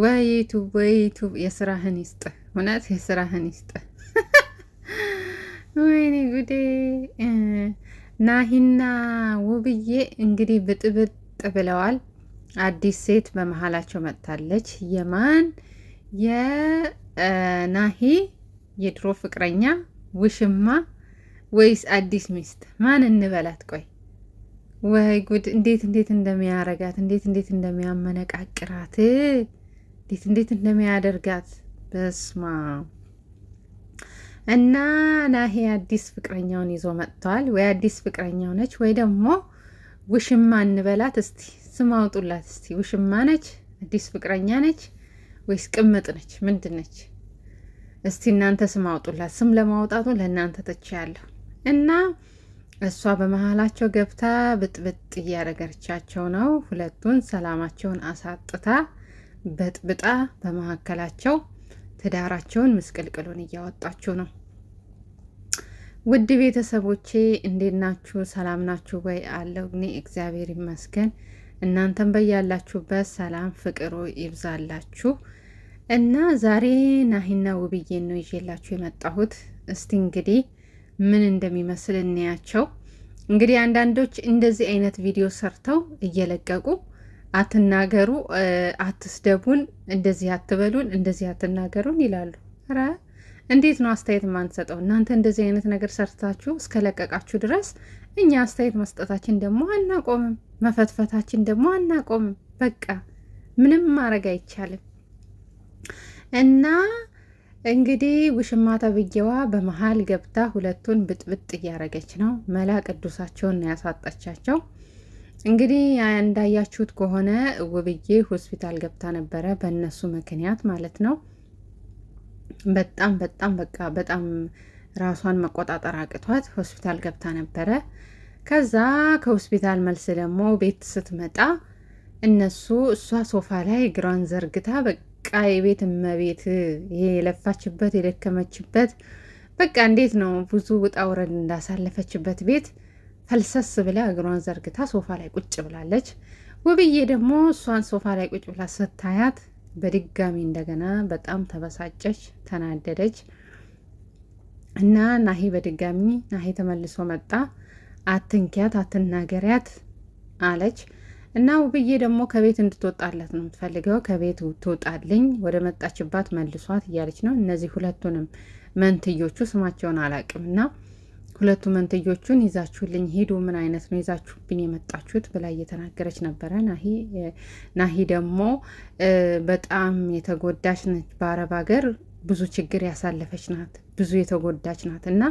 ወይ ወይቱ የስራህን ይስጥ፣ እውነት የስራህን ይስጥ። ወይኔ ጉዴ! ናሂና ውብዬ እንግዲህ ብጥብጥ ብለዋል። አዲስ ሴት በመሀላቸው መጥታለች። የማን የናሂ የድሮ ፍቅረኛ ውሽማ ወይስ አዲስ ሚስት? ማን እንበላት? ቆይ ወይ ጉድ! እንዴት እንዴት እንደሚያረጋት እንዴት እንዴት እንደሚያመነቃቅራት እንዴት እንዴት እንደሚያደርጋት በስማ እና ናሄ አዲስ ፍቅረኛውን ይዞ መጥቷል። ወይ አዲስ ፍቅረኛው ነች ወይ ደግሞ ውሽማ እንበላት እስቲ ስም አውጡላት እስቲ። ውሽማ ነች? አዲስ ፍቅረኛ ነች? ወይስ ቅምጥ ነች? ምንድን ነች? እስቲ እናንተ ስም አውጡላት። ስም ለማውጣቱ ለእናንተ ትቼያለሁ። እና እሷ በመሀላቸው ገብታ ብጥብጥ እያደረገቻቸው ነው። ሁለቱን ሰላማቸውን አሳጥታ በጥብጣ በመካከላቸው ትዳራቸውን ምስቅልቅሉን እያወጣችሁ ነው። ውድ ቤተሰቦቼ እንዴት ናችሁ? ሰላም ናችሁ ወይ? አለው እኔ እግዚአብሔር ይመስገን። እናንተም በያላችሁበት ሰላም ፍቅሩ ይብዛላችሁ። እና ዛሬ ናሂና ውብዬን ነው ይዤላችሁ የመጣሁት። እስቲ እንግዲህ ምን እንደሚመስል እንያቸው። እንግዲህ አንዳንዶች እንደዚህ አይነት ቪዲዮ ሰርተው እየለቀቁ አትናገሩ፣ አትስደቡን፣ እንደዚህ አትበሉን፣ እንደዚህ አትናገሩን ይላሉ። ኧረ እንዴት ነው አስተያየት የማንሰጠው? እናንተ እንደዚህ አይነት ነገር ሰርታችሁ እስከለቀቃችሁ ድረስ እኛ አስተያየት መስጠታችን ደግሞ አናቆምም፣ መፈትፈታችን ደግሞ አናቆምም። በቃ ምንም ማድረግ አይቻልም እና እንግዲህ ውሽማ ተብዬዋ በመሀል ገብታ ሁለቱን ብጥብጥ እያደረገች ነው። መላ ቅዱሳቸውን ያሳጠቻቸው። ያሳጣቻቸው። እንግዲህ እንዳያችሁት ከሆነ ውብዬ ሆስፒታል ገብታ ነበረ፣ በእነሱ ምክንያት ማለት ነው። በጣም በጣም በቃ በጣም ራሷን መቆጣጠር አቅቷት ሆስፒታል ገብታ ነበረ። ከዛ ከሆስፒታል መልስ ደግሞ ቤት ስትመጣ እነሱ እሷ ሶፋ ላይ እግሯን ዘርግታ በቃ የቤት እመቤት የለፋችበት የደከመችበት በቃ እንዴት ነው ብዙ ውጣ ውረድ እንዳሳለፈችበት ቤት ፈልሰስ ብላ እግሯን ዘርግታ ሶፋ ላይ ቁጭ ብላለች። ውብዬ ደግሞ እሷን ሶፋ ላይ ቁጭ ብላ ስታያት በድጋሚ እንደገና በጣም ተበሳጨች፣ ተናደደች እና ናሂ በድጋሚ ናሂ ተመልሶ መጣ። አትንኪያት፣ አትናገሪያት አለች እና ውብዬ ደግሞ ከቤት እንድትወጣላት ነው የምትፈልገው። ከቤት ትውጣልኝ፣ ወደ መጣችባት መልሷት እያለች ነው። እነዚህ ሁለቱንም መንትዮቹ ስማቸውን አላቅም እና ሁለቱ መንትዮቹን ይዛችሁልኝ ሂዱ፣ ምን አይነት ነው ይዛችሁብኝ የመጣችሁት ብላ እየተናገረች ነበረ። ናሂ ደግሞ በጣም የተጎዳች ነች፣ በአረብ ሀገር ብዙ ችግር ያሳለፈች ናት፣ ብዙ የተጎዳች ናት እና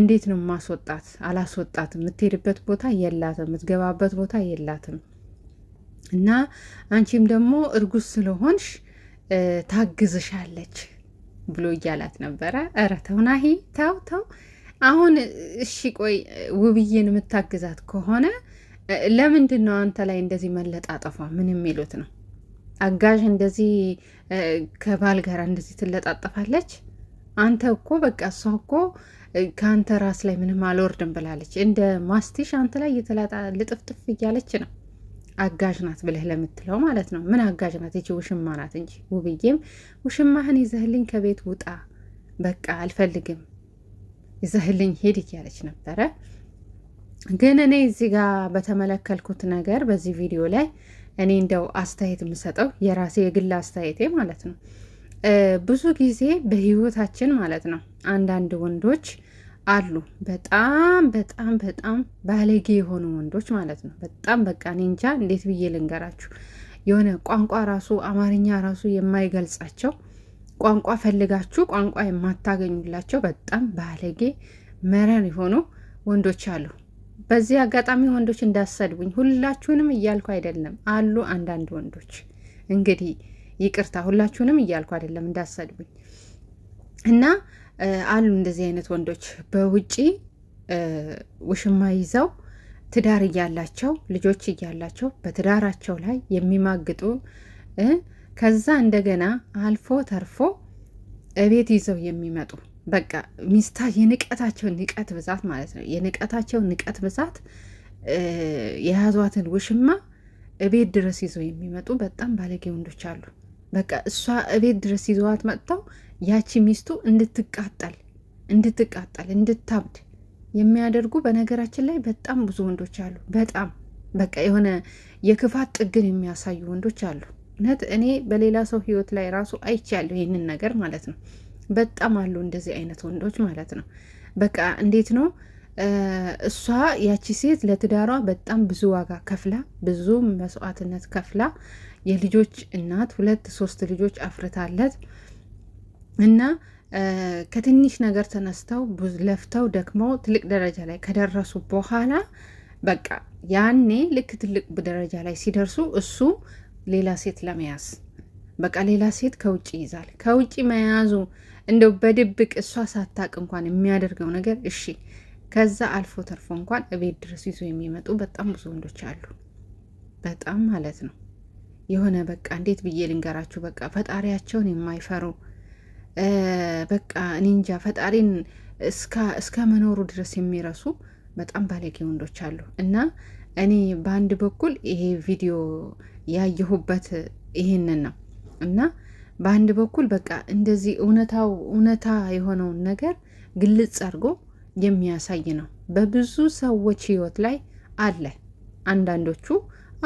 እንዴት ነው ማስወጣት? አላስወጣትም። የምትሄድበት ቦታ የላትም፣ የምትገባበት ቦታ የላትም እና አንቺም ደግሞ እርጉዝ ስለሆንሽ ታግዝሻለች ብሎ እያላት ነበረ። ኧረ ተው ናሂ ተው ተው አሁን እሺ ቆይ ውብዬን የምታግዛት ከሆነ ለምንድን ነው አንተ ላይ እንደዚህ መለጣጠፏ? ምን የሚሉት ነው? አጋዥ እንደዚህ ከባል ጋር እንደዚህ ትለጣጠፋለች? አንተ እኮ በቃ እሷ እኮ ከአንተ ራስ ላይ ምንም አልወርድም ብላለች። እንደ ማስቲሽ አንተ ላይ እየተላጣ ልጥፍጥፍ እያለች ነው። አጋዥ ናት ብለህ ለምትለው ማለት ነው። ምን አጋዥ ናት? ይቺ ውሽማ ናት እንጂ። ውብዬም ውሽማህን ይዘህልኝ ከቤት ውጣ፣ በቃ አልፈልግም ይዘህልኝ ሂድ እያለች ነበረ። ግን እኔ እዚህ ጋር በተመለከልኩት ነገር በዚህ ቪዲዮ ላይ እኔ እንደው አስተያየት የምሰጠው የራሴ የግል አስተያየቴ ማለት ነው። ብዙ ጊዜ በህይወታችን ማለት ነው አንዳንድ ወንዶች አሉ በጣም በጣም በጣም ባለጌ የሆኑ ወንዶች ማለት ነው። በጣም በቃ እኔ እንጃ እንዴት ብዬ ልንገራችሁ፣ የሆነ ቋንቋ ራሱ አማርኛ ራሱ የማይገልጻቸው ቋንቋ ፈልጋችሁ ቋንቋ የማታገኙላቸው በጣም ባለጌ መረን የሆኑ ወንዶች አሉ። በዚህ አጋጣሚ ወንዶች እንዳሰድቡኝ ሁላችሁንም እያልኩ አይደለም፣ አሉ አንዳንድ ወንዶች እንግዲህ ይቅርታ፣ ሁላችሁንም እያልኩ አይደለም እንዳሰድቡኝ እና አሉ እንደዚህ አይነት ወንዶች በውጪ ውሽማ ይዘው ትዳር እያላቸው ልጆች እያላቸው በትዳራቸው ላይ የሚማግጡ ከዛ እንደገና አልፎ ተርፎ እቤት ይዘው የሚመጡ በቃ ሚስታ የንቀታቸው ንቀት ብዛት ማለት ነው። የንቀታቸው ንቀት ብዛት የያዟትን ውሽማ እቤት ድረስ ይዘው የሚመጡ በጣም ባለጌ ወንዶች አሉ። በቃ እሷ እቤት ድረስ ይዘዋት መጥተው ያቺ ሚስቱ እንድትቃጠል እንድትቃጠል እንድታብድ የሚያደርጉ በነገራችን ላይ በጣም ብዙ ወንዶች አሉ። በጣም በቃ የሆነ የክፋት ጥግን የሚያሳዩ ወንዶች አሉ። እውነት እኔ በሌላ ሰው ህይወት ላይ ራሱ አይቻለሁ ይህንን ነገር ማለት ነው። በጣም አሉ እንደዚህ አይነት ወንዶች ማለት ነው። በቃ እንዴት ነው እሷ ያቺ ሴት ለትዳሯ በጣም ብዙ ዋጋ ከፍላ ብዙ መስዋዕትነት ከፍላ የልጆች እናት ሁለት ሶስት ልጆች አፍርታለት እና ከትንሽ ነገር ተነስተው ለፍተው ደክመው ትልቅ ደረጃ ላይ ከደረሱ በኋላ በቃ ያኔ ልክ ትልቅ ደረጃ ላይ ሲደርሱ እሱ ሌላ ሴት ለመያዝ በቃ ሌላ ሴት ከውጭ ይዛል። ከውጭ መያዙ እንደው በድብቅ እሷ ሳታቅ እንኳን የሚያደርገው ነገር እሺ፣ ከዛ አልፎ ተርፎ እንኳን እቤት ድረስ ይዞ የሚመጡ በጣም ብዙ ወንዶች አሉ። በጣም ማለት ነው። የሆነ በቃ እንዴት ብዬ ልንገራችሁ፣ በቃ ፈጣሪያቸውን የማይፈሩ በቃ እኔ እንጃ ፈጣሪን እስከ መኖሩ ድረስ የሚረሱ በጣም ባለጌ ወንዶች አሉ እና እኔ በአንድ በኩል ይሄ ቪዲዮ ያየሁበት ይሄንን ነው እና በአንድ በኩል በቃ እንደዚህ እውነታው እውነታ የሆነውን ነገር ግልጽ አድርጎ የሚያሳይ ነው። በብዙ ሰዎች ህይወት ላይ አለ። አንዳንዶቹ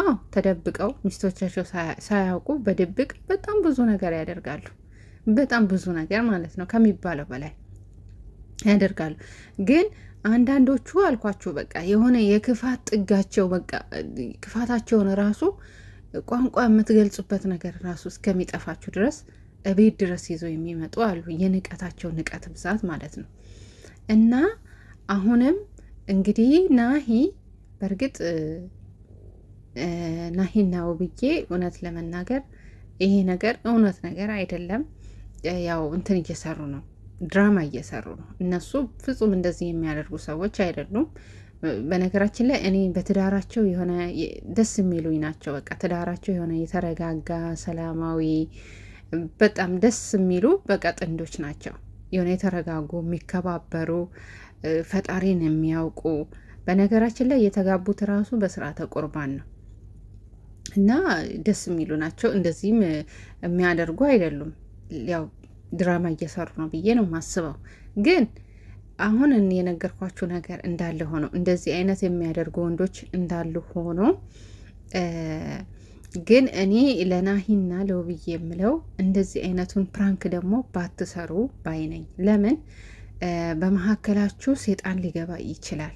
አዎ ተደብቀው ሚስቶቻቸው ሳያውቁ በድብቅ በጣም ብዙ ነገር ያደርጋሉ። በጣም ብዙ ነገር ማለት ነው ከሚባለው በላይ ያደርጋሉ ግን አንዳንዶቹ አልኳቸው በቃ የሆነ የክፋት ጥጋቸው በቃ ክፋታቸውን ራሱ ቋንቋ የምትገልጹበት ነገር ራሱ እስከሚጠፋችሁ ድረስ እቤት ድረስ ይዘው የሚመጡ አሉ። የንቀታቸው ንቀት ብዛት ማለት ነው። እና አሁንም እንግዲህ ናሂ በእርግጥ ናሂና ውብዬ እውነት ለመናገር ይሄ ነገር እውነት ነገር አይደለም። ያው እንትን እየሰሩ ነው ድራማ እየሰሩ ነው። እነሱ ፍጹም እንደዚህ የሚያደርጉ ሰዎች አይደሉም። በነገራችን ላይ እኔ በትዳራቸው የሆነ ደስ የሚሉኝ ናቸው። በቃ ትዳራቸው የሆነ የተረጋጋ ሰላማዊ፣ በጣም ደስ የሚሉ በቃ ጥንዶች ናቸው። የሆነ የተረጋጉ የሚከባበሩ፣ ፈጣሪን የሚያውቁ በነገራችን ላይ የተጋቡት ራሱ በስርዓተ ቁርባን ነው እና ደስ የሚሉ ናቸው። እንደዚህም የሚያደርጉ አይደሉም ያው ድራማ እየሰሩ ነው ብዬ ነው የማስበው። ግን አሁን የነገርኳችሁ ነገር እንዳለ ሆኖ እንደዚህ አይነት የሚያደርጉ ወንዶች እንዳሉ ሆኖ ግን እኔ ለናሂና ለውብዬ የምለው እንደዚህ አይነቱን ፕራንክ ደግሞ ባትሰሩ ነኝ። ለምን በመካከላችሁ ሴጣን ሊገባ ይችላል።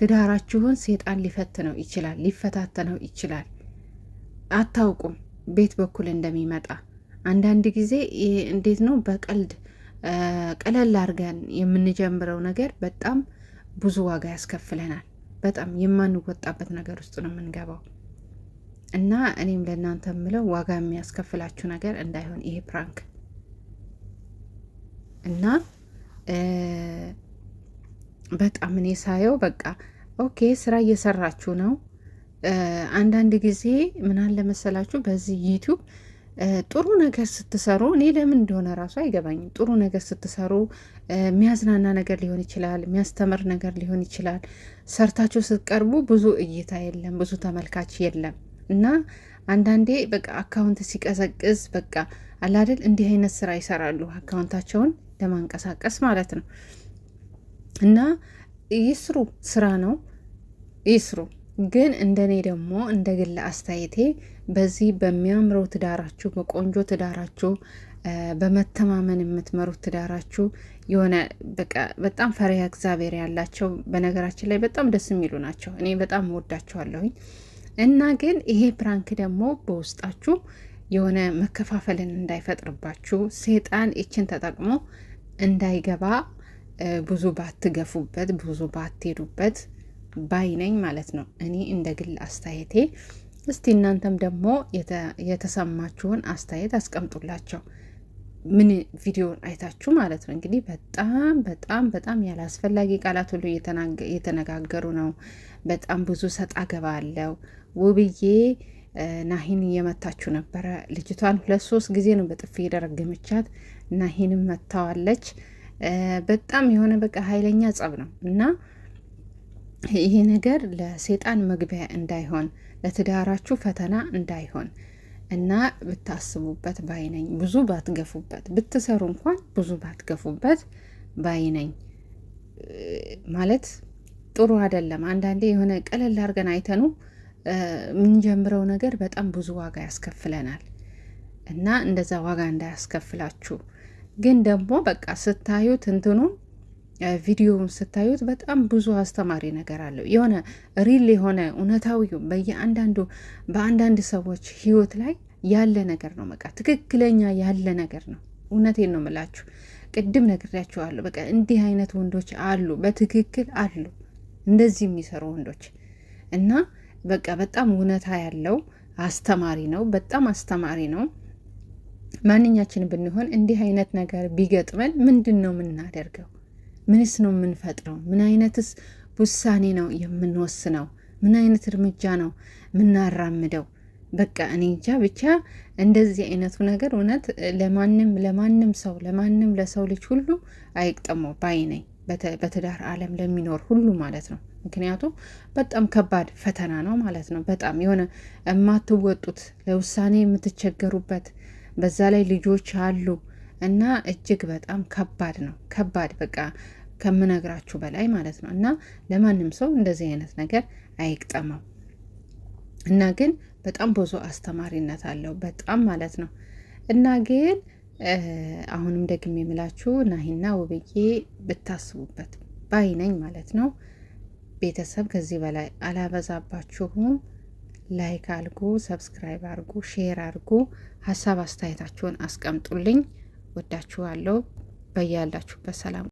ትዳራችሁን ሴጣን ሊፈትነው ይችላል፣ ሊፈታተነው ይችላል። አታውቁም ቤት በኩል እንደሚመጣ አንዳንድ ጊዜ እንዴት ነው በቀልድ ቀለል አድርገን የምንጀምረው ነገር በጣም ብዙ ዋጋ ያስከፍለናል። በጣም የማንወጣበት ነገር ውስጥ ነው የምንገባው እና እኔም ለእናንተ የምለው ዋጋ የሚያስከፍላችሁ ነገር እንዳይሆን ይሄ ፕራንክ እና በጣም እኔ ሳየው በቃ ኦኬ ስራ እየሰራችሁ ነው። አንዳንድ ጊዜ ምናን ለመሰላችሁ በዚህ ዩቲዩብ ጥሩ ነገር ስትሰሩ እኔ ለምን እንደሆነ ራሱ አይገባኝም። ጥሩ ነገር ስትሰሩ የሚያዝናና ነገር ሊሆን ይችላል፣ የሚያስተምር ነገር ሊሆን ይችላል። ሰርታችሁ ስትቀርቡ ብዙ እይታ የለም፣ ብዙ ተመልካች የለም እና አንዳንዴ በቃ አካውንት ሲቀዘቅዝ በቃ አላደል እንዲህ አይነት ስራ ይሰራሉ፣ አካውንታቸውን ለማንቀሳቀስ ማለት ነው። እና ይስሩ፣ ስራ ነው፣ ይስሩ። ግን እንደኔ ደግሞ እንደ ግል አስተያየቴ በዚህ በሚያምረው ትዳራችሁ በቆንጆ ትዳራችሁ በመተማመን የምትመሩት ትዳራችሁ የሆነ በቃ በጣም ፈሪሃ እግዚአብሔር ያላቸው በነገራችን ላይ በጣም ደስ የሚሉ ናቸው። እኔ በጣም ወዳቸዋለሁኝ። እና ግን ይሄ ፕራንክ ደግሞ በውስጣችሁ የሆነ መከፋፈልን እንዳይፈጥርባችሁ ሴጣን ይችን ተጠቅሞ እንዳይገባ ብዙ ባትገፉበት፣ ብዙ ባትሄዱበት ባይ ነኝ ማለት ነው። እኔ እንደ ግል አስተያየቴ። እስቲ እናንተም ደግሞ የተሰማችሁን አስተያየት አስቀምጡላቸው። ምን ቪዲዮን አይታችሁ ማለት ነው። እንግዲህ በጣም በጣም በጣም ያላስፈላጊ ቃላት ሁሉ እየተነጋገሩ ነው። በጣም ብዙ ሰጣ ገባ አለው። ውብዬ ናሂን እየመታችሁ ነበረ። ልጅቷን ሁለት ሶስት ጊዜ ነው በጥፊ የደረገመቻት። ናሂንም መታዋለች። በጣም የሆነ በቃ ኃይለኛ ጸብ ነው እና ይሄ ነገር ለሴጣን መግቢያ እንዳይሆን ለትዳራችሁ ፈተና እንዳይሆን እና ብታስቡበት ባይነኝ ብዙ ባትገፉበት ብትሰሩ እንኳን ብዙ ባትገፉበት ባይነኝ ማለት ጥሩ አይደለም። አንዳንዴ የሆነ ቀለል አድርገን አይተኑ የምንጀምረው ነገር በጣም ብዙ ዋጋ ያስከፍለናል እና እንደዛ ዋጋ እንዳያስከፍላችሁ ግን ደግሞ በቃ ስታዩት እንትኑም። ቪዲዮውን ስታዩት በጣም ብዙ አስተማሪ ነገር አለው። የሆነ ሪል የሆነ እውነታዊ በየአንዳንዱ በአንዳንድ ሰዎች ህይወት ላይ ያለ ነገር ነው። በቃ ትክክለኛ ያለ ነገር ነው። እውነቴን ነው ምላችሁ ቅድም ነግሬያችኋለሁ። በቃ እንዲህ አይነት ወንዶች አሉ፣ በትክክል አሉ እንደዚህ የሚሰሩ ወንዶች እና በቃ በጣም እውነታ ያለው አስተማሪ ነው። በጣም አስተማሪ ነው። ማንኛችን ብንሆን እንዲህ አይነት ነገር ቢገጥመን ምንድን ነው የምናደርገው? ምንስ ነው የምንፈጥረው? ምን አይነትስ ውሳኔ ነው የምንወስነው? ምን አይነት እርምጃ ነው የምናራምደው? በቃ እኔ እንጃ ብቻ እንደዚህ አይነቱ ነገር እውነት ለማንም ለማንም ሰው ለማንም ለሰው ልጅ ሁሉ አይቅጠመው ባይ ነኝ። በትዳር ዓለም ለሚኖር ሁሉ ማለት ነው። ምክንያቱም በጣም ከባድ ፈተና ነው ማለት ነው። በጣም የሆነ የማትወጡት ለውሳኔ የምትቸገሩበት፣ በዛ ላይ ልጆች አሉ እና እጅግ በጣም ከባድ ነው። ከባድ በቃ ከምነግራችሁ በላይ ማለት ነው። እና ለማንም ሰው እንደዚህ አይነት ነገር አይግጠመው እና ግን በጣም ብዙ አስተማሪነት አለው በጣም ማለት ነው። እና ግን አሁንም ደግሜ የምላችሁ ናሂና ውብዬ ብታስቡበት ባይ ነኝ ማለት ነው። ቤተሰብ ከዚህ በላይ አላበዛባችሁም። ላይክ አድርጉ፣ ሰብስክራይብ አድርጉ፣ ሼር አድርጉ፣ ሀሳብ አስተያየታችሁን አስቀምጡልኝ። ወዳችኋለሁ። በያላችሁበት ሰላም